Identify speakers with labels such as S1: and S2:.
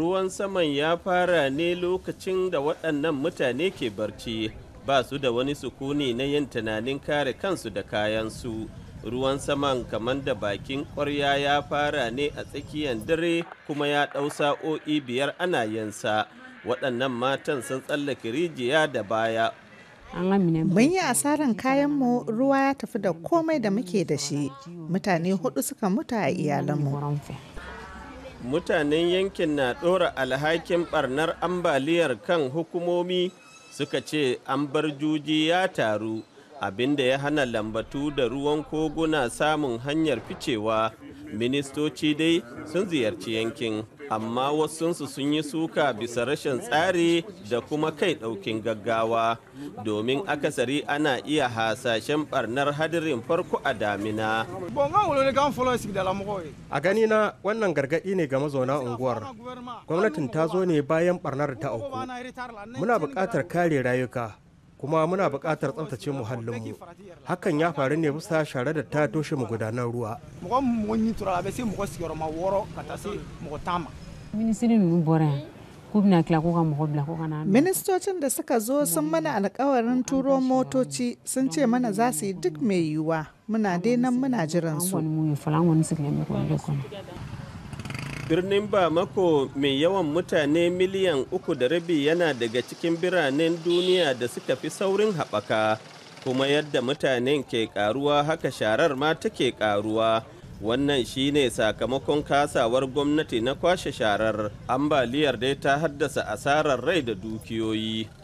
S1: ruwan saman ya fara ne lokacin da waɗannan mutane ke barci ba su da wani sukuni na yin tunanin kare kansu da kayansu ruwan saman kamar da bakin ƙwarya ya fara ne a tsakiyar dare kuma ya ɗau sa'o'i biyar ana yansa waɗannan matan sun tsallake rijiya da baya
S2: Mun yi asaran kayanmu ruwa ya tafi da komai da muke da shi. Mutane hudu suka mutu a iyalanmu.
S1: mutanen yankin na ɗora alhakin ɓarnar ambaliyar kan hukumomi suka ce an bar juji ya taru abinda ya hana lambatu da ruwan koguna samun hanyar ficewa ministoci dai sun ziyarci yankin amma wasunsu sun yi suka bisa rashin tsari da kuma kai ɗaukin gaggawa domin akasari ana iya hasashen barnar hadirin farko a damina.
S3: A ganina na wannan gargaɗi ne ga mazauna unguwar. Gwamnatin ta zo ne bayan barnar ta auku. Muna buƙatar kare rayuka. kuma muna buƙatar tsaftace muhallinmu hakan ya faru ne bisa share da ta toshe magudanar ruwa
S2: ministocin da suka zo sun mana alkawarin turo motoci sun ce mana za su yi duk mai yiwuwa muna dai nan muna jiran su
S1: birnin bamako mai yawan mutane miliyan uku da rabi yana daga cikin biranen duniya da suka fi saurin haɓaka kuma yadda mutanen ke ƙaruwa haka sharar ma take ƙaruwa wannan shine sakamakon kasawar gwamnati na kwashe sharar ambaliyar dai ta haddasa asarar rai da dukiyoyi